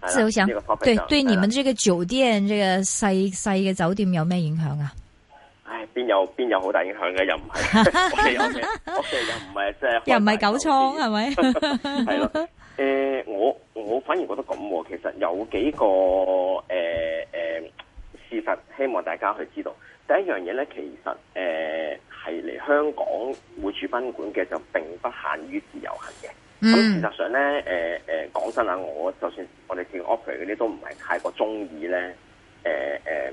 對自由行，就是、對對你們這個酒店，了這個細細嘅酒店有咩影響啊？唉、哎，邊有邊有好大影響嘅又唔係 ，OK OK OK 又唔係即係， 又唔係九倉係咪？係咯，誒，我我反而覺得咁，其實有幾個誒誒、呃呃，事實希望大家去知道，第一樣嘢咧，其實誒係嚟香港會住賓館嘅就並不限於自由行嘅。咁事、嗯、實上咧，誒誒講真啊，我就算我哋見 operate 嗰啲都唔係太過中意咧，誒、呃、誒、呃、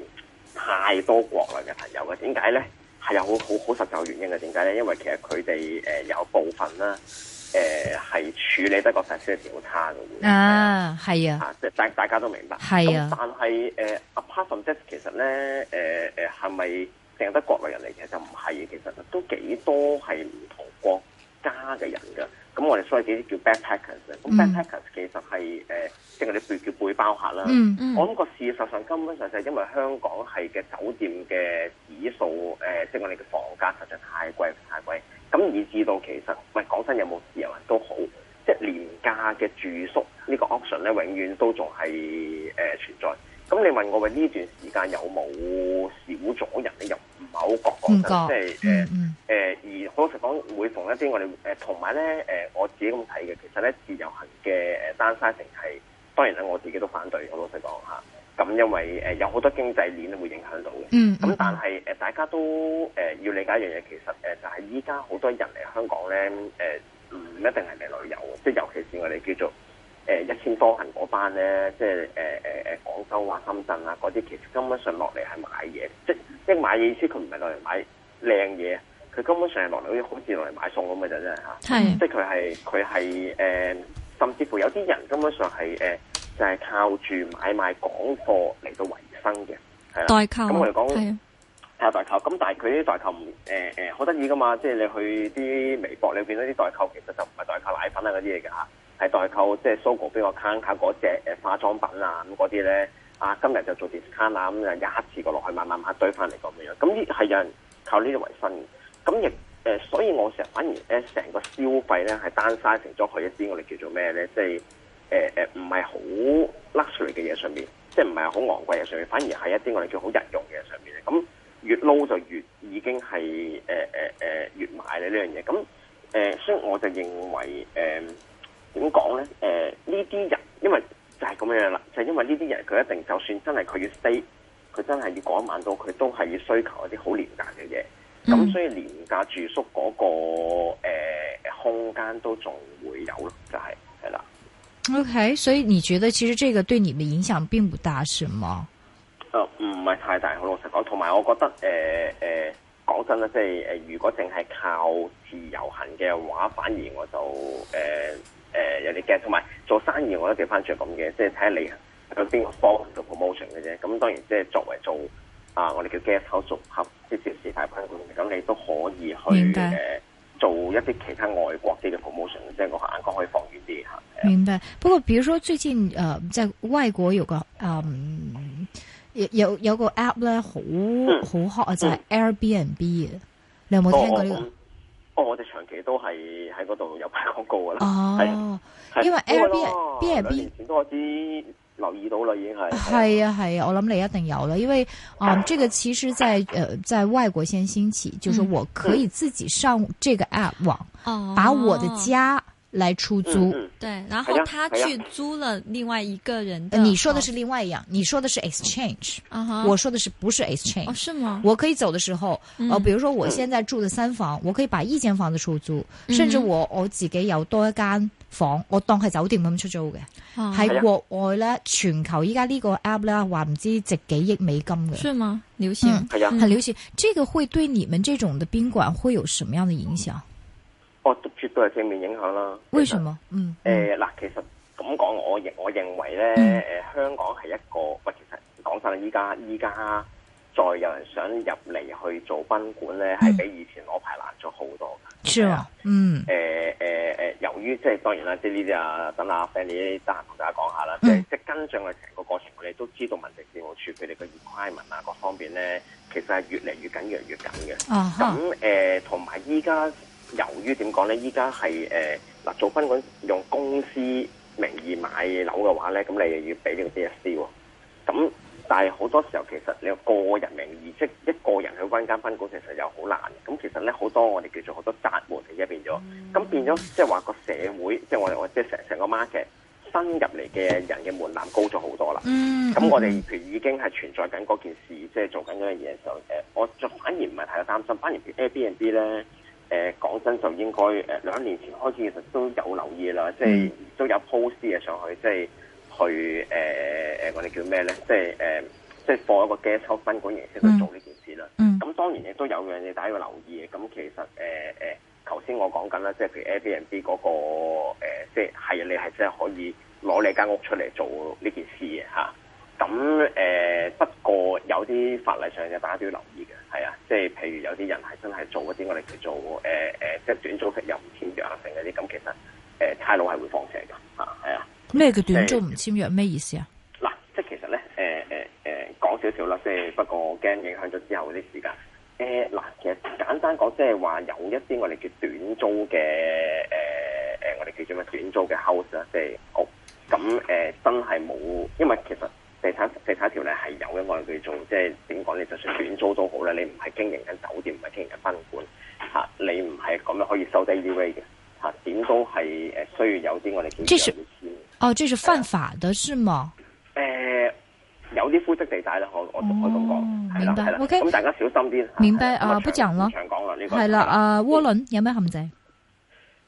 太多國內嘅朋友嘅，點解咧？係有好好好實在原因嘅，點解咧？因為其實佢哋誒有部分啦，誒、呃、係處理得個成績比較差嘅喎。啊，係、呃、啊，即大、呃、大家都明白。係啊，但係誒、呃，Apart from this，其實咧，誒誒係咪淨係得國內人嚟嘅？就唔係，其實都幾多係唔同國家嘅人嘅，咁我哋所謂啲叫 backpackers，咁 backpackers 其實係誒，即係我哋叫背包客啦。我諗個事實上根本上就係因為香港係嘅酒店嘅指數誒，即係我哋嘅房價實在太貴太貴，咁以至到其實唔係講真有冇自由人都好，即係廉價嘅住宿這個呢個 option 咧，永遠都仲係誒存在。.咁你問我話呢段時間有冇少咗人咧？又唔係好覺講、嗯、即係誒誒，而好。實、呃、講，每逢一啲我哋同埋咧我自己咁睇嘅，其實咧自由行嘅誒單程證係當然我自己都反對，我老實講咁因為、呃、有好多經濟鏈會影響到嘅，咁、嗯嗯、但係、呃、大家都、呃、要理解一樣嘢，其實、呃、就係依家好多人嚟香港咧唔、呃、一定係嚟旅遊，即係尤其是我哋叫做。誒、呃、一千多行嗰班咧，即係誒誒誒，廣州啊、深圳啊嗰啲，其實根本上落嚟係買嘢，即即係買嘢意思是他是，佢唔係落嚟買靚嘢，佢根本上係落嚟好似落嚟買餸咁嘅就真係嚇。係是，即係佢係佢係誒，甚至乎有啲人根本上係誒、呃，就係、是、靠住買賣港貨嚟到維生嘅，係啦。代購咁我哋講係代購，咁但係佢啲代購唔誒好得意噶嘛，即係你去啲微博裏邊嗰啲代購，其實就唔係代購奶粉啊嗰啲嘢㗎嚇。係代購，即係 Sogo 邊我 account 嗰隻化妝品啊咁嗰啲咧，啊今日就做 discount 咁啊樣子一次過落去慢，慢慢慢堆翻嚟咁樣樣，咁呢係有人靠呢啲維生咁亦、呃、所以我成日反而咧，成個消費咧係單晒成咗佢。一啲我哋叫做咩咧，即係誒誒唔係好 luxury 嘅嘢上面，即係唔係好昂貴嘅上面，反而係一啲我哋叫好日用嘅上面嘅。咁越撈就越，越已經係、呃呃、越買咧呢樣嘢。咁誒、呃，所以我就認為、呃點講呢？誒、呃，呢啲人因為就係咁樣啦，就係、是、因為呢啲人佢一定就算真係佢要 stay，佢真係要過一晚到他，佢都係要需求一啲好廉價嘅嘢。咁、嗯、所以廉價住宿嗰、那個誒、呃、空間都仲會有咯，就係係啦。OK，所以你覺得其實這個對你們影響並不大，是嗎？誒、呃，唔係太大，好老實講。同埋我覺得誒誒、呃呃，講真啦，即、就、係、是呃、如果淨係靠自由行嘅話，反而我就誒。呃誒、呃、有啲驚，同埋做生意我都接翻住咁嘅，即係睇下你喺邊個方做 promotion 嘅啫。咁當然即係作為做啊，我哋叫 guest house 合即係涉事大賓館咁，你都可以去誒白、呃、做一啲其他外國啲嘅 promotion，即係我眼光可以放遠啲嚇。明白。不過，譬如說最近即、呃、在外國有個嗯、呃、有有，有個 app 咧，好好 hot，啊、嗯，就 Airbnb、嗯、你有冇聽過呢、呢個？哦哦，我哋長期都係喺嗰度有拍廣告噶啦，係、哦、因為 Airbnb、哦、AB? 兩年前都有啲留意到啦，已經係係係，我諗你一定有啦，因為啊、嗯，這個其實在誒、呃、在外國先興起，就是我可以自己上這個 App 網，嗯、把我的家、哦。來出租，對，然後他去租了另外一個人的。你說的是另外一樣，你說的是 exchange，啊哈，我說的是不是 exchange？哦，是嗎？我可以走的時候，呃，比如說我現在住的三房，我可以把一間房子出租，甚至我我自己有多一間房，我當係酒店咁出租嘅。喺國外咧，全球依家呢個 app 咧，話唔知值幾億美金嘅。是嗎？流行。係啊，很流行。這個會對你們這種的賓館會有什麼樣的影響？我絕對係正面影響啦。為什麼？嗯？誒、嗯、嗱、呃，其實咁講，我認我認為咧，誒、嗯呃、香港係一個，喂，其實講真，依家依家再有人想入嚟去做賓館咧，係、嗯、比以前攞牌難咗好多嘅。嗯。誒誒誒，由於即係當然啦，即係呢啲啊，等阿 Fanny 得閒同大家講下啦。嗯。即係跟進嘅成個過程，我哋都知道民政事務處佢哋嘅 requirement 啊，各方面咧，其實係越嚟越緊，越嚟越緊嘅。啊咁哈誒，同埋依家。由於點講咧？依家係誒嗱，做賓館用公司名義買樓嘅話咧，咁你又要俾呢個、BS、D S C 喎。咁但係好多時候其實你個人名義，即、就、係、是、一個人去揾間賓館，其實又好難。咁其實咧，好多我哋叫做好多閘門，而一變咗。咁變咗即係話個社會，即、就、係、是、我我即係成成個 market 新入嚟嘅人嘅門檻高咗好多啦。咁、嗯、我哋譬如已經係存在緊嗰件事，即、就、係、是、做緊嗰樣嘢嘅時候，我就反而唔係太擔心。反而譬如 Airbnb 咧。誒講、呃、真就應該誒、呃、兩年前開始其實都有留意啦，mm. 即係都有 post 嘅上去，即係去誒、呃、我哋叫咩咧？即係誒、呃、即係放一個 guesthouse 賓館形式去做呢件事啦。嗯，咁當然亦都有樣嘢大家要留意嘅。咁其實誒誒，頭、呃、先、呃、我講緊啦，即係譬如 Airbnb 嗰、那個誒、呃，即係係你係真係可以攞你間屋出嚟做呢件事嘅嚇。咁誒、呃、不過有啲法例上嘅，大家都要留意嘅，係啊，即係譬如有啲人係真係做一啲我哋叫做誒、呃呃、即係短租出又唔簽約成嗰啲，咁其實誒差佬係會放斜㗎。啊係啊。咩叫短租唔簽約？咩、呃啊啊、意思啊？嗱，即係其實咧誒誒講少少啦，即係、呃呃、不過我驚影響咗之後嗰啲時間。誒、呃、嗱，其實簡單講，即係話有一啲我哋叫短租嘅誒、呃、我哋叫做咩短租嘅 house 即係好咁誒真係冇，因為其實。地產地產條例係有嘅，我哋叫做即係點講，你就算短租都好啦，你唔係經營緊酒店，唔係經營緊賓館，吓你唔係咁樣可以收低呢位嘅，吓點都係誒需要有啲我哋。這是哦，這是犯法的，是嘛？誒，有啲灰色地帶啦，我我我咁講，明白？OK，咁大家小心啲。明白啊，不講咯。唔講啦，呢個係啦，啊窩輪有咩陷阱？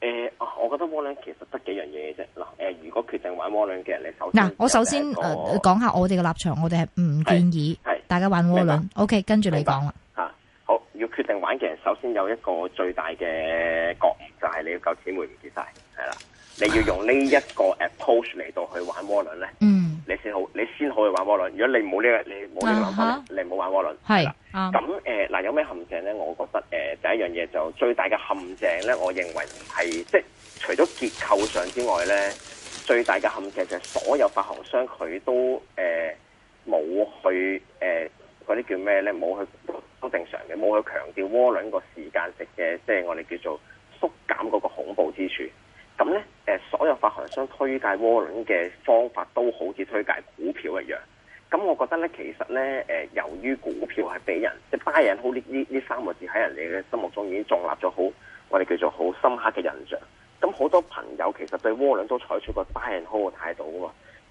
誒，啊、呃，我覺得窩輪其實得幾樣嘢啫。嗱，誒，如果決定玩窩輪嘅人，你首先。嗱、啊，我首先誒講個、呃、下我哋嘅立場，我哋係唔建議，係大家玩窩輪。Ing, 白 OK，跟住你講啦吧。吓說、啊，好，要決定玩嘅人，首先有一個最大嘅覺悟，就係、是、你要夠姊妹唔結晒，係啦，你要用呢一個 approach 嚟到去玩窩輪咧。嗯。你先好，你先好去玩窩輪。如果你冇呢、這個，你冇呢個諗法，uh huh. 你唔好玩窩輪。係啦，咁、uh、誒，嗱、huh. 呃呃、有咩陷阱咧？我覺得誒、呃，第一樣嘢就最大嘅陷阱咧，我認為係即係除咗結構上之外咧，最大嘅陷阱就係所有發行商佢都誒冇、呃、去誒嗰啲叫咩咧？冇去都正常嘅，冇去強調窩輪個時間值嘅，即、就、係、是、我哋叫做縮減嗰個恐怖之處。咁咧，誒所有發行商推介窩輪嘅方法都好似推介股票一樣。咁我覺得咧，其實咧，誒由於股票係俾人即係、就是、buy and hold 呢呢呢三個字喺人哋嘅心目中已經種立咗好，我哋叫做好深刻嘅印象。咁好多朋友其實對窩輪都採取過 buy and hold 嘅態度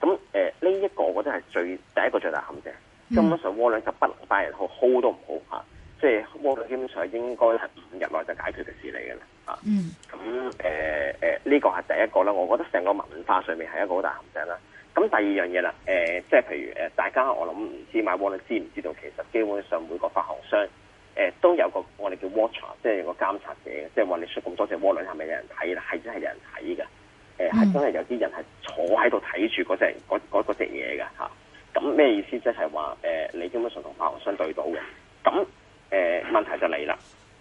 喎。咁誒呢一個我覺得係最第一個最大陷阱。根本上窩輪就不能 buy and hold，hold 都唔好嚇。即係窩輪基本上應該係五日內就解決嘅事嚟嘅啦。嗯，咁誒誒，呢、呃呃呢個係第一個啦，我覺得成個文化上面係一個好大陷阱啦。咁第二樣嘢啦，誒、呃，即係譬如誒，大家我諗唔知買窩輪知唔知，知道，其實基本上每個發行商誒、呃、都有個我哋叫 watcher，即係個監察者，即係話你出咁多隻窩輪係咪有人睇啦？係真係有人睇噶，誒、呃、係、嗯、真係有啲人係坐喺度睇住嗰隻隻嘢噶吓。咁咩、那個啊、意思？即係話誒，你基本上同發行商對到嘅，咁誒、呃、問題就嚟啦。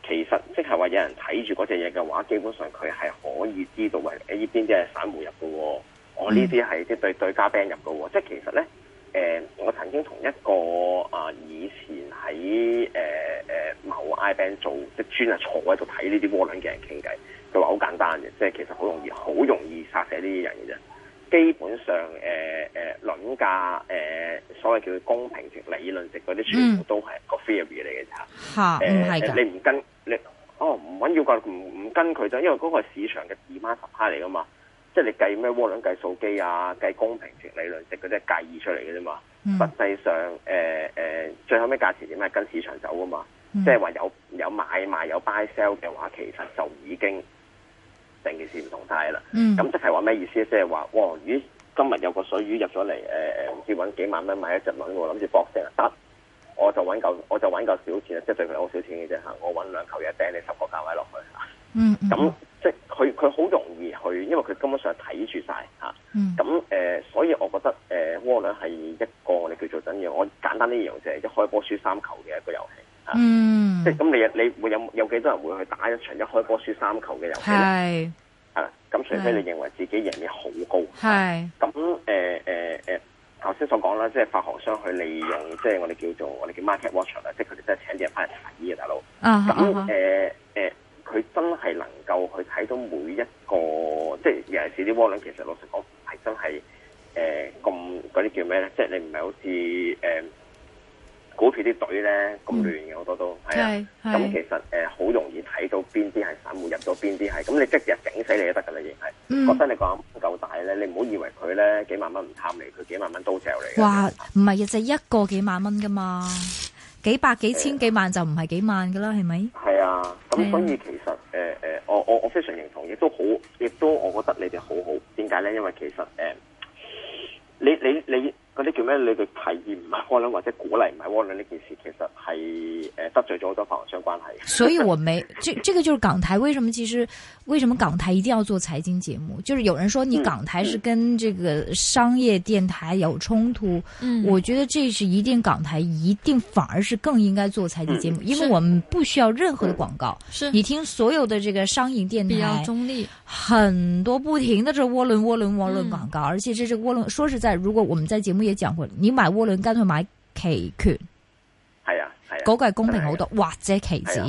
其實即係話有人睇住嗰隻嘢嘅話，基本上佢係可以知道係呢邊啲係散戶入嘅喎，我呢啲係即對對家 band 入嘅喎。即其實咧，誒、呃、我曾經同一個啊、呃、以前喺誒誒某 ibank 做即專係坐喺度睇呢啲窩輪嘅人傾偈，佢話好簡單嘅，即其實好容易，好容易殺死呢啲人嘅啫。基本上誒誒，輪、呃呃、價誒、呃、所謂叫公平值、理論值嗰啲，全部都係個 theory 嚟嘅啫嚇，唔係㗎。你唔跟，你哦唔緊要㗎，唔唔跟佢就因為嗰個係市場嘅二萬十趴嚟㗎嘛，即係你計咩窩輪計數機啊，計公平值、理論值嗰啲係計出嚟嘅啫嘛。嗯、實際上、呃呃、最後咩價錢點係跟市場走㗎嘛，嗯、即係話有有買賣有 buy sell 嘅話，其實就已經。成件事唔同態啦，咁即係話咩意思咧？即係話，哇！如果今日有個水魚入咗嚟，誒、呃、誒，諗住揾幾萬蚊買一隻輪，我諗住搏聲得，我就揾嚿，我就揾夠少錢，即係對佢好少錢嘅啫嚇，我揾兩球嘢掟你十個價位落去嚇。咁即係佢佢好容易去，因為佢根本上睇住曬咁誒，所以我覺得誒窩輪係一個我哋叫做緊要，我簡單啲形容就係一開波輸三球嘅一個遊戲。嗯，啊、即係咁，你有你會有有幾多人會去打一場一開波輸三球嘅遊戲咧？係是，啊，咁除非你認為自己贏嘅好高，係是，咁誒誒誒，頭、啊、先、啊啊、所講啦，即係發行商去利用，即係我哋叫做我哋叫 market watcher，即係佢哋真係請啲人翻嚟睇嘅大佬。咁誒誒，佢真係能夠去睇到每一個，即係尤其是啲窩輪，其實老實講係真係誒，咁嗰啲叫咩咧？即係你唔係好似誒。啊股票啲隊咧咁亂嘅好多都係、嗯、啊，咁、嗯、其實好、呃、容易睇到邊啲係散戶入咗邊啲係。咁你即日整死你都得㗎啦，亦係、嗯、覺得你講唔夠大咧，你唔好以為佢咧幾萬蚊唔貪你，佢幾萬蚊都石你。哇，唔係日就一個幾萬蚊㗎嘛，幾百幾千幾萬、啊、幾萬就唔係幾萬㗎啦，係咪？係啊，咁所以其實誒誒、呃，我我我非常認同，亦都好，亦都我覺得你哋好好。點解咧？因為其實你你、呃、你。你你嗰啲叫咩？你嘅提議唔係窩輪，或者鼓勵唔係窩輪呢件事，其實係得罪咗好多發行商關係，所以我沒，這這個就是港台為什麼其實為什麼港台一定要做財經節目？就是有人說你港台是跟這個商業電台有衝突，嗯，我覺得這是一定港台一定反而是更應該做財經節目，因為我們不需要任何的廣告。嗯、是你聽所有的這個商業電台，要中立很多不停的這窩輪窩輪窩輪廣告，而且這是窩輪。說實在，如果我們在節目。你買渦輪跟住買期權，係啊，係啊，嗰個係公平好多，啊、或者期指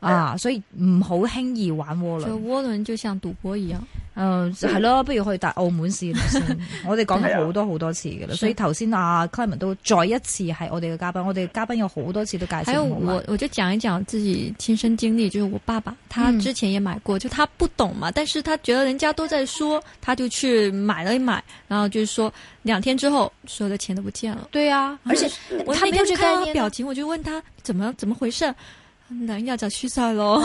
啊，啊啊所以唔好輕易玩渦輪。就渦輪就像賭博一樣。誒係咯，不如去大澳門試、嗯、我哋講咗好多好多次嘅啦， 對所以頭先啊 Clayman 都再一次係我哋嘅嘉賓。我哋嘉賓有好多次都介紹還有我。有我我就講一講自己親身經歷，就是、我爸爸，他之前也買過，嗯、就他不懂嘛，但是他覺得人家都在說，他就去買了一買，然後就是說兩天之後所有的錢都不見了。對啊，而且我那天去看他表情，我就問他怎麼怎麼回事。兩日就輸晒咯，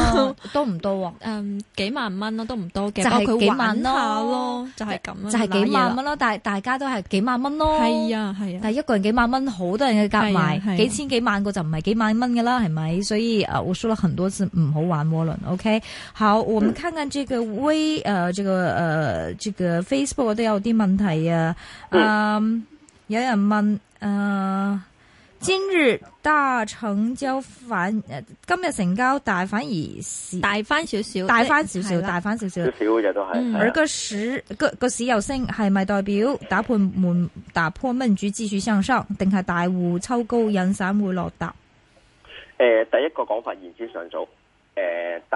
都 唔、啊、多，多、啊，嗯，幾萬蚊咯、啊，都唔多嘅，就係佢、啊、玩下咯，就係咁，就係幾萬蚊咯、啊，啊、但係大家都係幾萬蚊咯，係啊係啊，啊但係一個人幾萬蚊，好多人去夾埋，啊啊、幾千幾萬個就唔係幾萬蚊噶啦，係咪？所以誒，我輸咗很多次唔好玩窩輪。OK，好，我們看看這個微誒、嗯呃，這個誒、呃，這個、呃這個、Facebook 都有啲問題啊。嗯、呃，有人問誒。呃今日大成交反，今日成交大反而大翻少少，大翻少少，就是、大翻少少。少都係。而個市、嗯、個個市又升，係咪代表打盤門打破民主繼續向上，定係大戶抽高引散戶落踏？誒、呃，第一個講法言之尚早。誒、呃，第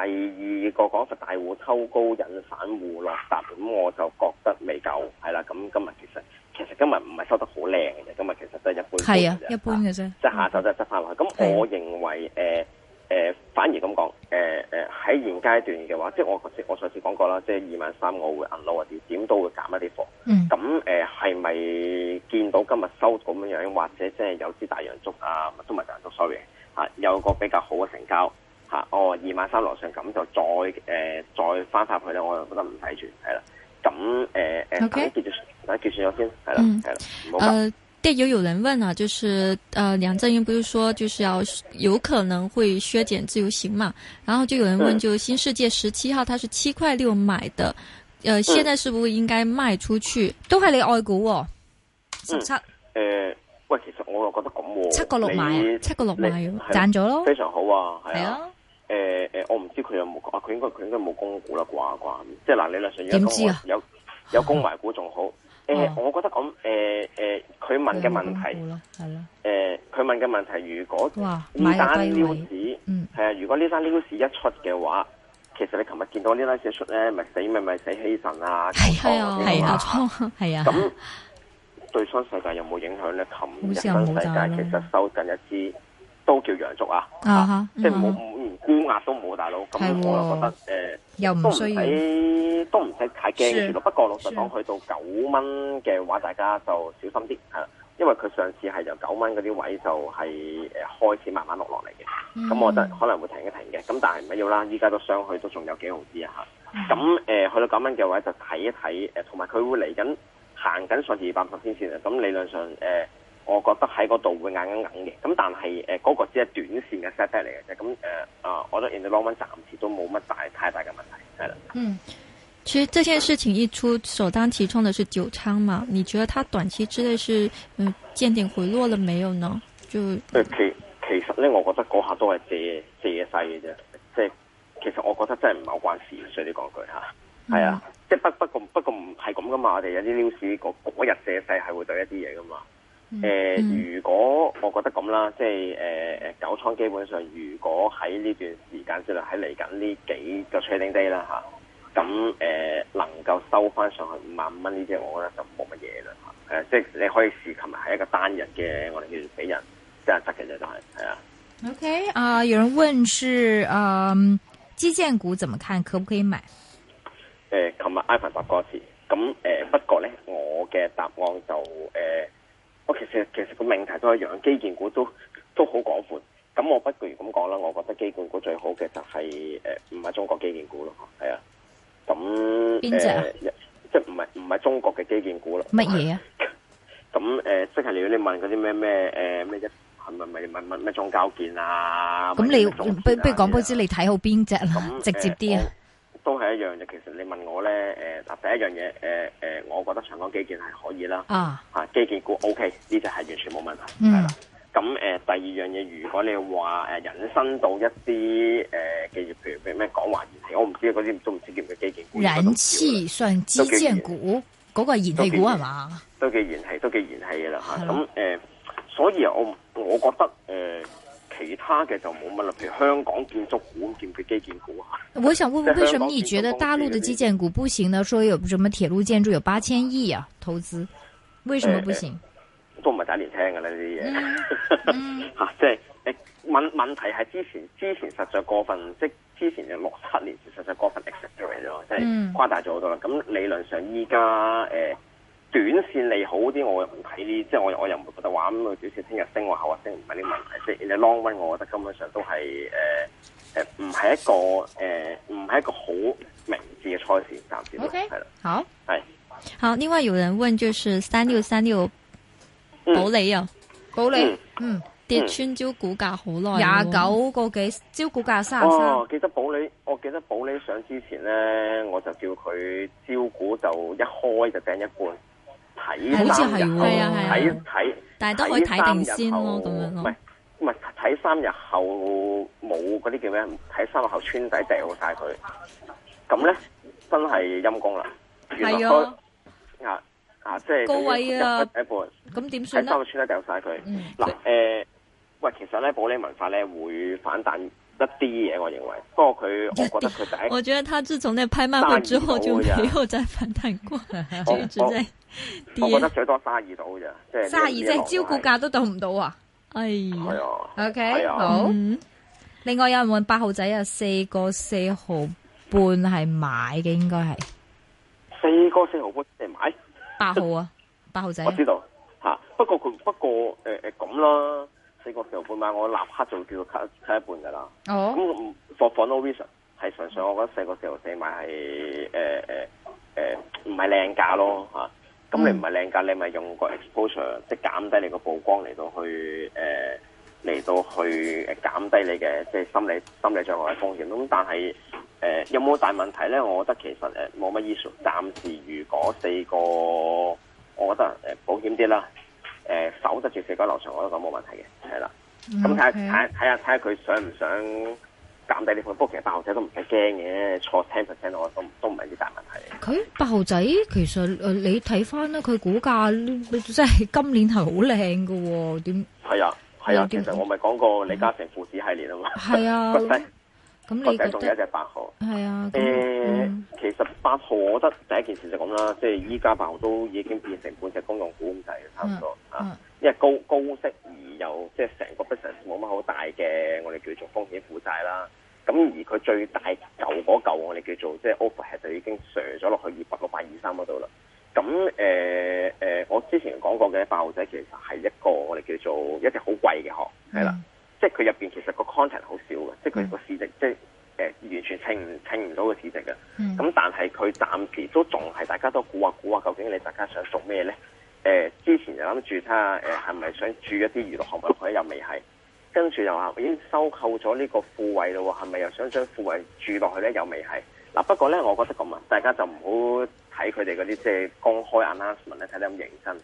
二個講法大戶抽高引散戶落踏，咁我就覺得未夠係啦。咁今日其實。其實今日唔係收得好靚嘅，今日其實都係一般嘅啫，即係、啊啊、下晝就執翻落去。咁、嗯、我認為，誒誒的、呃呃，反而咁講，喺、呃呃、現階段嘅話，即係我，我上次我上次講過啦，即係二萬三我會 unload 啲，點都會減一啲貨。咁誒係咪見到今日收咁樣樣，或者即係有支大陽燭啊，都唔係大陽燭，sorry，吓、啊、有個比較好嘅成交吓、啊，哦二萬三落上咁就再誒、呃、再翻翻去咧，我又覺得唔睇住，係啦。咁誒誒，Okay? 嗯，呃，電郵有人問啊，就是，呃，梁振英不是說就是要有可能會削減自由行嘛？然後就有人問，就新世界十七號，它是七塊六買的，呃，現在是不是應該賣出去？都係你愛股哦？十七，誒，喂，其實我又覺得咁，七個六買，七個六買賺咗咯，非常好啊，係啊，誒誒，我唔知佢有冇，佢應該佢應該冇供股啦啩，啩，即係嗱，理論上點知啊？有有供埋股仲好。誒、哦欸，我覺得咁，誒、欸、誒，佢、欸、問嘅問題，係咯、嗯，誒、嗯，佢、嗯嗯嗯欸、問嘅問題，如果呢單 news，嗯，係啊，如果呢單 news 一出嘅話，其實你琴日見到單呢單事出咧，咪死咪咪死希慎啊，係啊，係啊，係 啊，咁對世有有新世界有冇影響咧？琴日新世界其實收緊一支都叫陽燭啊，即係冇冇。Huh, 啊 uh huh. 估壓都冇，大佬，咁我覺得又都唔使都唔使太驚住咯。不過老實講，去到九蚊嘅話，大家就小心啲，因為佢上次係由九蚊嗰啲位就係開始慢慢落落嚟嘅。咁、嗯、我覺得可能會停一停嘅。咁但係唔緊要啦，依家都上去都仲有幾毫子啊嚇。咁、嗯、去到九蚊嘅位就睇一睇，同埋佢會嚟緊行緊上住二百五十天線啊。咁理論上誒。呃我覺得喺嗰度會硬硬硬嘅，咁但係誒嗰個只係短線嘅 set 嚟嘅啫，咁誒啊，我覺得 in the long run 暫時都冇乜大太大嘅問題，係啦。嗯，其實這件事情一出，首當其衝嘅是九倉嘛，你覺得佢短期之內是嗯見頂回落了沒有呢？就其其實咧，我覺得嗰下都係借借勢嘅啫，即係其實我覺得真係唔係好關事，所以你講句嚇，係啊、嗯、啊，即係不不過，不過不過唔係咁噶嘛，我哋有啲 news 嗰嗰日借勢係會對一啲嘢噶嘛。誒、嗯嗯呃，如果我覺得咁啦，即係誒誒，九、呃、倉基本上，如果喺呢段時間之內喺嚟緊呢幾個 trading day 啦嚇，咁、啊、誒、啊、能夠收翻上去五萬蚊呢啲，我覺得就冇乜嘢啦嚇。誒、啊，即係你可以試，琴日係一個單日嘅，我哋叫做俾人真係得嘅啫，但係，係啊。O K. 啊，有人問是嗯、呃、基建股怎麼看，可唔可以買？誒、呃，琴日 iPhone 答過次，咁誒、呃、不過咧，我嘅答案就誒。呃其實其實個命題都一樣，基建股都都好廣闊。咁我不如咁講啦，我覺得基建股最好嘅就係、是、誒，唔、呃、係中國基建股咯，係啊。咁邊隻即係唔係唔係中國嘅基建股咯？乜嘢啊？咁、呃、即係你要你問嗰啲咩咩咩咩一係咪咪咪咪咩中交建啊？咁、啊、你不如不如講俾知你睇好邊隻啦？那直接啲啊！呃都係一樣嘅，其實你問我咧，嗱、呃、第一樣嘢、呃，我覺得長江基建係可以啦，啊，基建股 O K，呢隻係完全冇問題的。嗯，係啦，咁、呃、第二樣嘢，如果你話誒引申到一啲誒嘅，譬如譬如咩港華燃氣，我唔知嗰啲都唔知叫唔叫基建股。燃氣次算基建股？嗰個係燃氣股係嘛？都幾燃氣，都幾燃氣嘅啦嚇，咁誒，所以我我覺得、呃其他嘅就冇乜啦，譬如香港建築股、建嘅基建股啊。我想問問，為什麼你覺得大陸的基建股不行呢？說有什麼鐵路建築有八千億啊投資，為什麼不行？都唔係第一年聽㗎喇呢啲嘢，嚇即係誒問問題係之前之前實在過分，即之前嘅六七年時實在過分 exaggerate 咗，即係、嗯、誇大咗好多啦。咁理論上依家誒。呃短線利好啲，我又唔睇呢，即係我我又唔覺得話咁。短線聽日升或後日升唔係啲問題，即係你 long run 我覺得根本上都係誒誒，唔、呃、係、呃、一個誒，唔、呃、係一個好明智嘅賽事，暫時都係啦。Okay. 的好，係是好。另外有人問，就是三六三六保利啊，保、嗯、利，嗯，跌穿招股價好耐，廿九個幾招股價三十三。我、哦、記得保利，我記得保利上之前咧，我就叫佢招股就一開就掟一半。睇三日後睇睇，但係都可以睇定先咯，咁樣唔係唔係睇三日後冇嗰啲叫咩？睇三日後穿底掉曬佢，咁咧真係陰公啦。係啊啊啊！即係高位啊，咁點算咧？喺週穿底掉晒佢嗱誒喂，其實咧保利文化咧會反彈，一啲嘢我認為，不過佢我覺得佢就係，我覺得他自從那拍賣會之後就沒有再反彈過，就只、哦哦、 我覺得最多三十二度啫，三十二即係招股價都到唔到啊！係，OK，好、嗯。另外有人問八號仔啊，四個四毫半係買嘅，應該係四個四毫半嚟買八號啊，八號仔我知道吓、啊，不過佢不過誒誒咁啦。四個四毫半買，我立刻就叫佢 cut cut 一半噶啦。咁放放多 vision，係純粹我覺得四個四毫四個買係誒誒誒唔係靚價咯嚇。咁、啊嗯、你唔係靚價，你咪用個 exposure，即係減低你個曝光嚟到去誒嚟、呃、到去減低你嘅即係心理心理障礙風險。咁但係誒、呃、有冇大問題咧？我覺得其實誒冇、呃、乜 issue。暫時如果四個，我覺得誒、呃、保險啲啦。誒、呃、守得住四個樓層，我都講冇問題嘅，係啦。咁睇下睇下睇下睇下佢想唔想減低呢款，不過其實八號仔都唔使驚嘅，錯 ten percent 我都都唔係啲大問題。佢八號仔其實、呃、你睇翻咧，佢股價真係今年係好靚嘅，點？係啊係啊，其實我咪講過李嘉誠父子系列啊嘛。係啊的。 係殼仔仲有一隻八號，係啊。誒，呃嗯、其實八號，我覺得第一件事就咁啦，即係依家八號都已經變成半隻公用股咁睇，差唔多啊。嗯嗯、因為高高息而又即係成個 business 冇乜好大嘅，我哋叫做風險負債啦。咁、啊、而佢最大舊嗰舊，我哋叫做即係、就是、overhead 就已經蝕咗落去二百個百二三嗰度啦。咁誒誒，我之前講過嘅八號仔其實係一個我哋叫做一隻好貴嘅殼，係啦、嗯。即係佢入邊其實個 content 好少嘅，即係佢個市值即係誒完全稱唔稱唔到個市值嘅。咁、嗯嗯、但係佢暫時都仲係大家都估啊估啊，究竟你大家想做咩咧？誒、呃、之前就諗住睇下誒係咪想注一啲娛樂項目咧，又未係。跟住又話已經收購咗呢個富衛嘞喎，係咪又想將富衛注落去咧？又未係。嗱不過咧，我覺得咁啊，大家就唔好睇佢哋嗰啲即係公開 announcement 咧睇得咁認真。誒、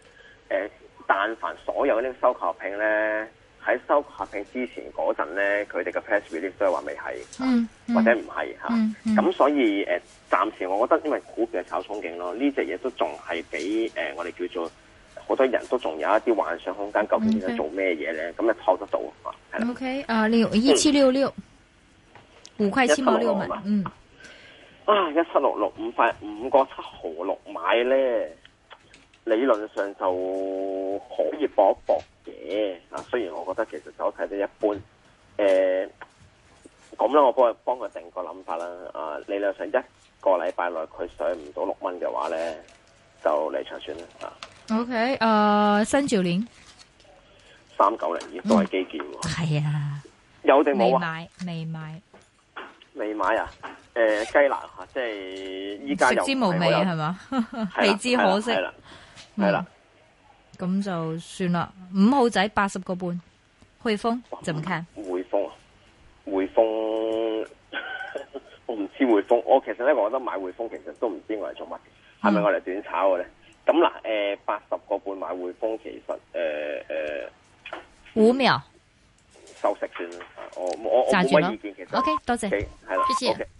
呃、但凡所有呢個收購 plan 咧。喺收合併之前嗰陣咧，佢哋嘅 press release 都係話未係，啊嗯嗯、或者唔係吓，咁、啊嗯嗯、所以誒，暫、呃、時我覺得因為股票炒憧憬咯，呢隻嘢都仲係俾誒，我哋叫做好多人都仲有一啲幻想空間，究竟而家做咩嘢咧？咁咪拋得到啊？係啦。O K，啊，你一七六六五塊七毛六嘛？嗯。啊，一七六六五塊五個七毫六買咧。理論上就可以搏一搏嘅，啊，雖然我覺得其實走勢都一般，誒、欸，咁啦，我幫佢幫佢定個諗法啦，啊，理論上一個禮拜內佢上唔到六蚊嘅話咧，就嚟長算啦，啊，OK，誒、呃，新照年三九零二都係基建喎，係、嗯、啊，有定冇？未買，未買，未買啊？誒、欸，雞肋吓，即係依家又唔係好有，係嘛？係 啦，係 啦。係啦，咁、嗯、就算啦。五號仔八十個半，匯豐，點睇？匯豐啊，匯豐，我唔知匯豐。我其實咧，我覺得買匯豐，其實都唔知道我嚟做乜，係咪我嚟短炒嘅咧？咁嗱，誒、呃，八十個半買匯豐，其實誒誒，呃呃、五秒收息算啦。我我我我，我，我冇乜意見，其實。O、okay, K，多謝，係、okay, 啦，多謝。Okay.